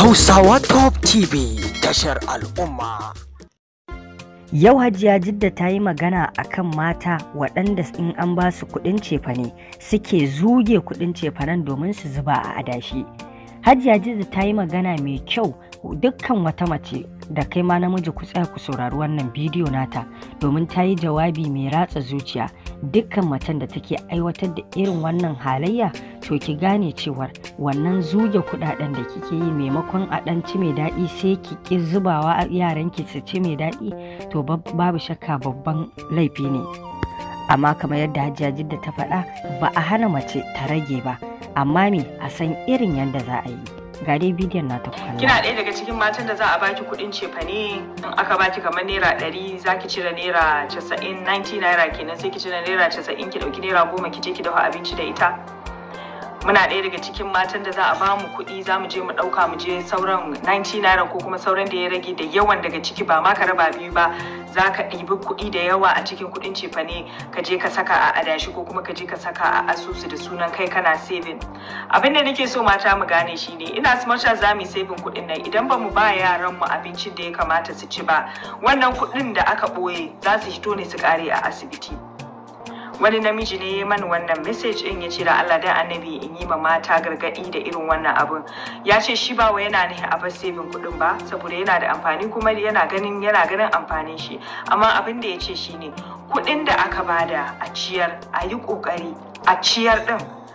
Hausawa Top TV tashar al'umma. Yau Hajiya Jidda ta yi magana a kan mata waɗanda in an ba su kuɗin cefane suke zuge kuɗin cefanen domin su zuba a adashi. Hajiya Jidda ta yi magana mai kyau dukkan wata mace da kai ma namiji ku tsaya ku saurari wannan bidiyo nata domin ta yi jawabi mai ratsa zuciya dukkan macen da take aiwatar da irin wannan halayya to ki gane cewar wannan zuge kudaden da kike yi maimakon a dan ci mai daɗi sai ki ki zubawa yaran ki su ci mai daɗi to babu shakka babban laifi ne amma kamar yadda hajiya da ta faɗa ba a hana mace ta rage ba amma me a san irin yadda za a yi gare bidiyon na ta kwana. Kina ɗaya daga cikin matan da za a baki kuɗin cefane in aka baki kamar naira ɗari za ki cire naira casa'in 90 naira kenan sai ki cire naira casa'in ki ɗauki naira goma ki je ki dafa abinci da ita. muna ɗaya daga cikin matan da za a ba mu kuɗi za mu je mu ɗauka mu je sauran 90 naira ko kuma sauran da ya rage da yawan daga ciki ba ma ka raba biyu ba za ka ɗibi kuɗi da yawa a cikin kuɗin cefane ka je ka saka a adashi ko kuma ka je ka saka a asusu da sunan kai kana saving abin da nake so mata mu gane shi ne ina su smasha za mu saving kuɗin nan idan ba mu ba yaran mu abincin da ya kamata su ci ba wannan kuɗin da aka ɓoye za su hito ne su ƙare a asibiti. wani namiji ne ya mani wannan message din ya ce da Allah dan annabi in yi ma mata gargadi da irin wannan abun ya ce shi ba wa yana nihi a saving kuɗin ba saboda yana da amfani kuma yana ganin yana ganin amfanin shi amma abin da ya ce shine kuɗin da aka bada a ciyar a yi ƙoƙari a ciyar ɗin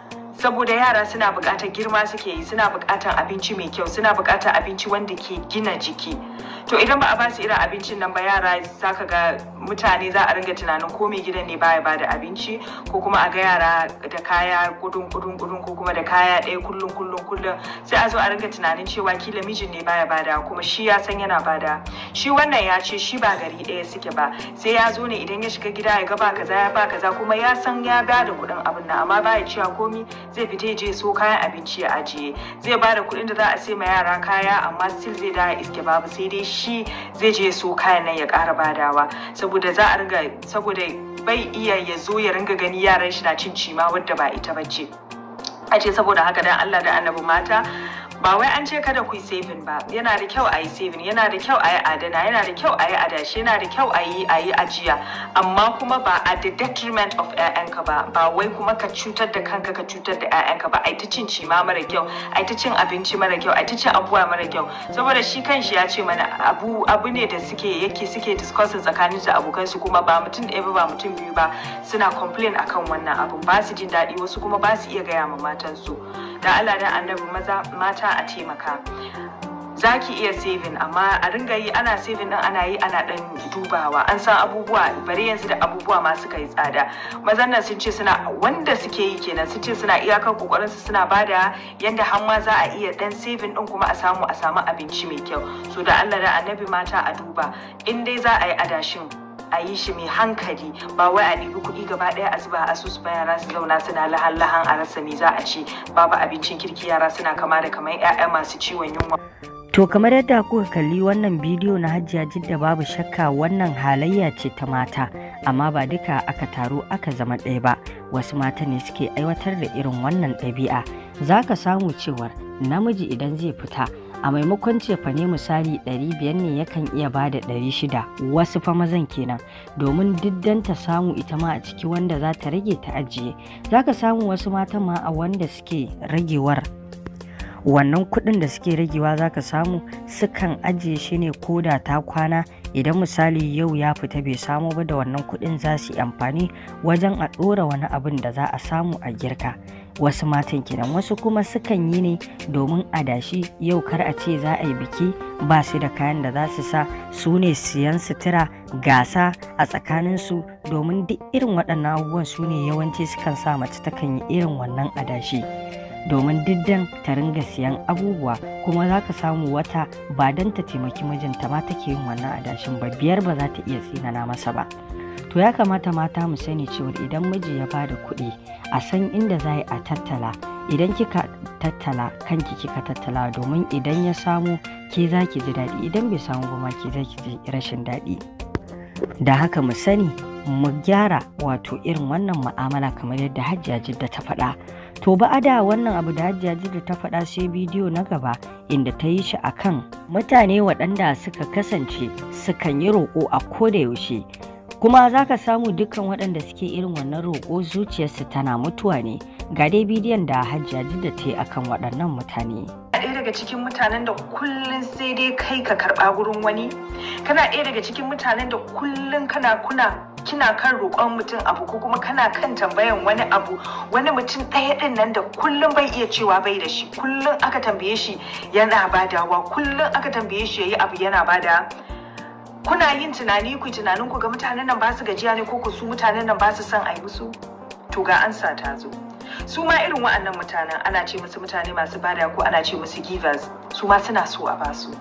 saboda yara suna buƙatar girma suke yi suna buƙatar abinci mai kyau suna buƙatar abinci wanda ke gina jiki to idan ba a ba su irin abincin nan ba yara saka ga mutane za a ringa tunanin ko mai gidan ne baya bada abinci ko kuma a ga yara da kaya gudun gudun gudun ko kuma da kaya ɗaya kullum kullum kullum sai a zo a ringa tunanin cewa kila mijin ne baya bada kuma shi ya san yana bada shi wannan ya ce shi ba gari ɗaya suke ba sai ya zo ne idan ya shiga gida ya ga kaza ya ba kaza kuma ya san ya ba da kuɗin abin nan amma ba ya cewa komi zai fita ya je so kayan abinci ya ajiye zai ba da kuɗin da za a sai ma yara kaya amma still zai da iske babu sai dai shi zai je so kayan nan ya ƙara badawa saboda za a ringa saboda bai iya ya zo ya ringa gani yaran shi na cin cima wadda ba ita ba ce a ce saboda haka dan Allah da annabi mata ba wai an ce kada ku yi saving ba yana da kyau a yi saving yana da kyau a yi adana yana da kyau a yi adashi yana da kyau a yi ajiya amma kuma ba a the detriment of ƴaƴanka ba ba wai kuma ka cutar da kanka ka cutar da ƴaƴanka ba ai ta cin cima mara kyau ai ta cin abinci mara kyau ai ta cin abuwa mara kyau saboda shi kanshi ya ce mana abu abu ne da suke yake suke discussing tsakanin su abokan su kuma ba mutum ɗaya ba ba mutum biyu ba suna complain akan wannan abun ba su jin daɗi wasu kuma ba su iya gaya ma matansu da Allah da annabi maza mata a taimaka za ki iya saving amma a ringa yi ana saving din ana yi ana dan dubawa an san abubuwa bare yanzu da abubuwa ma suka yi tsada mazan nan sun ce suna wanda suke yi kenan sun ce suna iyakar kokarin su suna bada yanda har ma za a iya dan saving din kuma a samu a samu abinci mai kyau so da Allah da annabi mata a duba in dai za a yi adashin a yi shi mai hankali ba wai a ɗibi kuɗi gaba ɗaya a zuba a asusu ba yara su zauna suna lahan-lahan a rasa me za a ce babu abincin kirki yara suna kama da kamar 'ya'ya masu ciwon yunwa. To kamar yadda kuka kalli wannan bidiyo na Hajiya Jidda babu shakka wannan halayya ce ta mata, amma ba duka aka taru aka zama ɗaya ba, wasu mata ne suke aiwatar da irin wannan ɗabi'a. Za ka samu cewar namiji idan zai fita a maimakon cefane misali 500 ne yakan iya ba bada 600 wasu fa mazan kenan domin diddan ta samu ita ma a ciki wanda za ta rage ta ajiye za ka samu wasu matan ma a wanda suke ragewar wannan kuɗin da suke ragewa za ka samu sukan ajiye shi ne ko da ta kwana idan misali yau ya fita bai samu ba da wannan kuɗin za su yi amfani wajen a ɗora wani abin da za a samu a girka wasu matan kiran wasu kuma sukan yi ne domin adashi yau kar a ce za a yi biki ba su da kayan da za su sa su ne siyan sutura gasa a tsakaninsu domin duk irin waɗannan abubuwan su ne yawanci sukan sa mace takan yi irin wannan adashi domin diddan ta ringa siyan abubuwa kuma za ka samu wata ba don ta taimaki mijinta ma take yin wannan adashin ba biyar ba za ta iya tsinana masa ba to ya kamata mata mu sani cewa idan miji ya bada kuɗi a san inda za a tattala idan kika tattala kanki kika tattala domin idan ya samu ke za ki ji daɗi idan bai samu ba ma ke za ki ji rashin daɗi da haka mu sani mu gyara wato irin wannan mu'amala kamar yadda hajjiya jidda ta faɗa to ba da wannan abu da hajjiya da ta faɗa sai bidiyo na gaba inda ta yi shi akan mutane waɗanda suka kasance sukan yi roƙo a koda yaushe kuma za ka samu dukkan waɗanda suke irin wannan roƙo zuciyarsu tana mutuwa ne ga dai bidiyon da hajjaji da ta yi akan waɗannan mutane ɗaya daga cikin mutanen da kullum sai dai kai ka karɓa gurin wani kana ɗaya daga cikin mutanen da kullum kana kuna kina kan roƙon mutum abu ko kuma kana kan tambayan wani abu wani mutum ɗaya ɗin nan da kullum bai iya cewa bai da shi kullum aka tambaye shi yana badawa kullum aka tambaye shi ya yi abu yana da kuna yin tunani ku tunanin ku ga mutanen nan ba su gajiya ne ko ku su mutanen nan ba su son a yi musu to ga ansa ta zo su ma irin wa'annan mutanen ana ce musu mutane masu bada ko ana ce musu givers su ma suna so a basu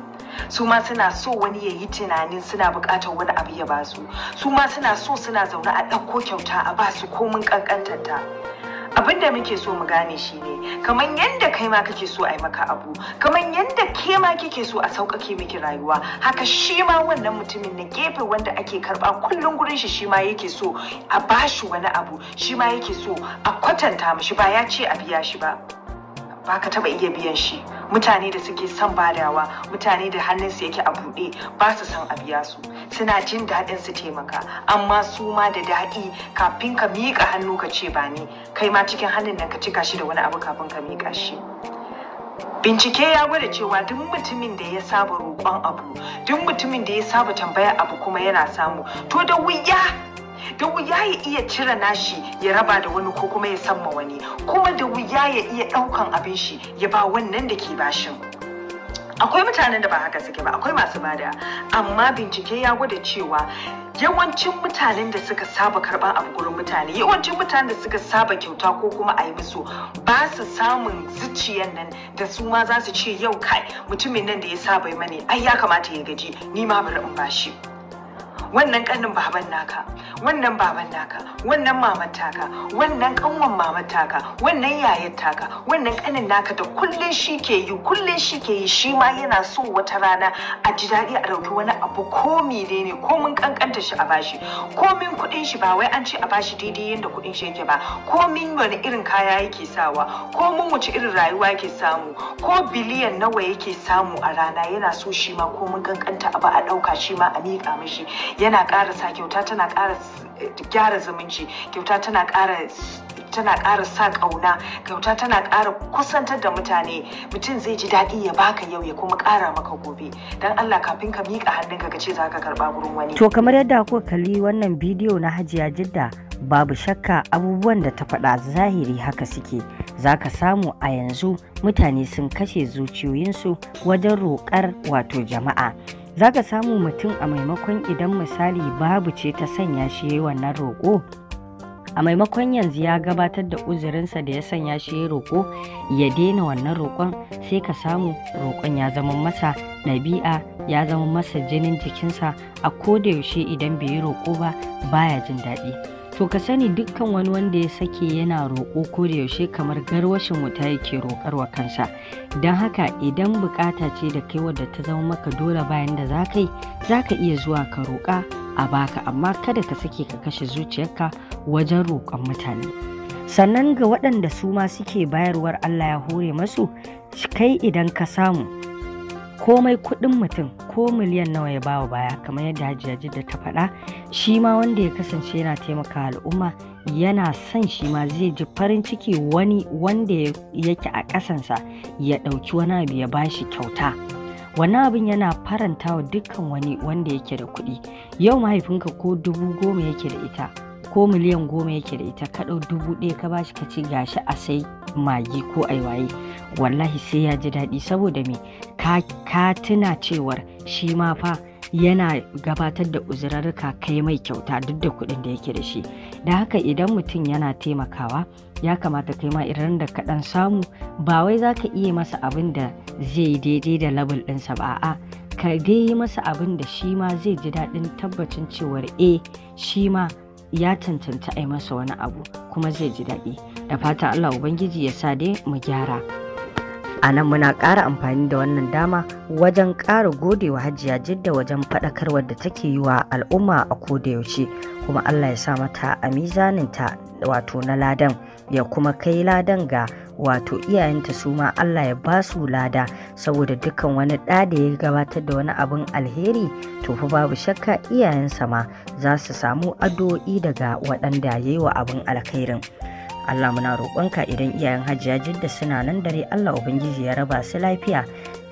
su ma suna so wani ya yi tunanin suna buƙatar wani abu ya basu su ma suna so suna zaune a ɗauko kyauta a basu komin ƙanƙantar ta abin da muke so mu gane shi ne kamar yadda kai ma kake so a yi maka abu kamar yadda ke ma kike so a sauƙaƙe miki rayuwa haka shi ma wannan mutumin na gefe wanda ake karɓa kullum gurin shi shi ma yake so a bashi wani abu shi ma yake so a kwatanta mishi ba ya ce a biya shi ba ba ka taɓa iya biyan shi mutane da suke son badawa mutane da hannunsu yake a buɗe ba su son a biya su suna jin daɗin su taimaka amma su ma da daɗi kafin ka miƙa hannu ka ce ba ni kai ma cikin hannun nan ka cika shi da wani abu kafin ka miƙa shi Bincike ya gwada cewa duk mutumin da ya saba roƙon abu, duk mutumin da ya saba tambayar abu kuma yana samu, to da wuya da wuya ya iya cire nashi ya raba da wani ko kuma ya samma wani kuma da wuya ya iya ɗaukan abin shi ya ba wannan da ke bashin akwai mutanen da ba haka suke ba akwai masu bada amma bincike ya gwada cewa yawancin mutanen da suka saba karban abu gurin mutane yawancin mutanen da suka saba kyauta ko kuma a yi musu ba su samun zuciyan nan da su ma za su ce yau kai mutumin nan da ya saba yi mani ai ya kamata ya gaji ni ma bari in bashi wannan kanin baban naka wannan baban naka wannan maman taka wannan kanwan maman taka wannan yayar taka wannan kanin naka da kullun shi ke yi kullun shi ke yi shi ma yana so wata rana a ji daɗi a ɗauki wani abu ko mene ne ko mun kankanta shi a bashi ko min kuɗin shi ba wai an ce a bashi daidai yadda kuɗin shi yake ba ko min wani irin kaya yake sawa ko mun wuce irin rayuwa yake samu ko biliyan nawa yake samu a rana yana so shi ma ko mun kankanta abu a ɗauka shi ma a miƙa mishi yana ƙara sa kyauta tana ƙara gyara zumunci kyauta tana ƙara tana ƙara sa ƙauna kyauta tana ƙara kusantar da mutane mutum zai ji daɗi ya baka yau ya kuma ƙara maka gobe don Allah kafin ka miƙa hannun ka ce za ka karɓa gurin wani. To kamar yadda ku kalli wannan bidiyo na Hajiya Jidda babu shakka abubuwan da ta faɗa zahiri haka suke za ka samu a yanzu mutane sun kashe zuciyoyinsu wajen roƙar wato jama'a. za ka samu mutum a maimakon idan misali babu ce ta sanya shi yi wannan roƙo a maimakon yanzu ya gabatar da uzurinsa da ya sanya shi ya roƙo ya daina wannan roƙon sai ka samu roƙon ya zama masa Nabi'a, ya zama masa jinin jikinsa a yaushe idan bai yi roƙo ba baya jin daɗi so ka sani dukkan wani wanda ya sake yana roƙo ko da yaushe kamar garwashin wuta yake roƙarwa kansa don haka idan bukata ce da kai wadda ta zama maka dole bayan da za ka yi za ka iya zuwa ka roƙa a baka amma kada ka sake ka kashe zuciyarka wajen roƙon mutane sannan ga waɗanda su ma suke bayarwar allah ya hore masu kai idan ka samu komai kuɗin mutum ko miliyan nawa ya bawa baya kamar yadda hajiya da ta faɗa shi ma wanda ya kasance yana taimaka al'umma yana son shi ma zai ji farin ciki wani wanda yake a kasansa ya ɗauki wani abu ya ba shi kyauta wannan abin yana faranta wa dukkan wani wanda yake da kuɗi yau mahaifinka ko dubu goma yake da ita ko miliyan goma yake da ita kaɗau dubu ɗaya ka bashi ka ce gashi a sai magi ko aiwaye wallahi sai ya ji daɗi saboda me ka tuna cewar shi ma fa yana gabatar da uzurarka kai mai kyauta duk da kuɗin da yake da shi da haka idan mutum yana taimakawa ya kamata kai ma irin da kaɗan samu ba wai za ka iya masa abin da zai daidai da labul ɗinsa ba A ka dai yi masa abin da shi ma zai ji daɗin tabbacin cewar e shi ma ya cancanci a yi masa wani abu kuma zai ji daɗi da fata allah ubangiji ya sa dai mu gyara a nan muna ƙara amfani da wannan dama wajen ƙara godewa wa hajiya jidda wajen faɗakarwar da take yi wa al'umma a kodayaushe, kuma allah ya sa mata a mizaninta wato na ladan ya kuma kai ladan ga wato iyayenta su ma Allah ya ba su lada saboda dukkan wani ɗa da ya gabatar da wani abin alheri to fa babu shakka iyayensa ma za su samu addu'o'i daga waɗanda ya yi wa abin alkhairin. Allah muna roƙonka idan iyayen hajiya da suna nan dare Allah Ubangiji ya raba su lafiya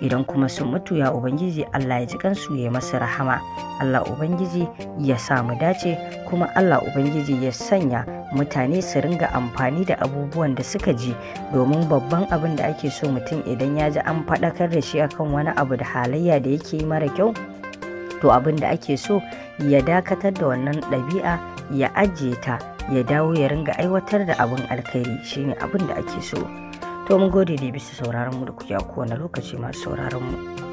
idan kuma sun mutu ya ubangiji Allah ya ji kansu ya masu rahama Allah ubangiji ya samu dace kuma Allah ubangiji ya sanya mutane su ringa amfani da abubuwan da suka ji domin babban abin da ake so mutum idan ya ji an faɗakar da shi akan wani abu da halayya da yake yi mara kyau to abin da ake so ya dakatar da wannan ɗabi'a ya ajiye ta ya dawo ya ringa aiwatar da abin alkhairi shine abin da ake so. to mun gode da bisa sauraron mu da kuke a kowane lokaci masu sauraron mu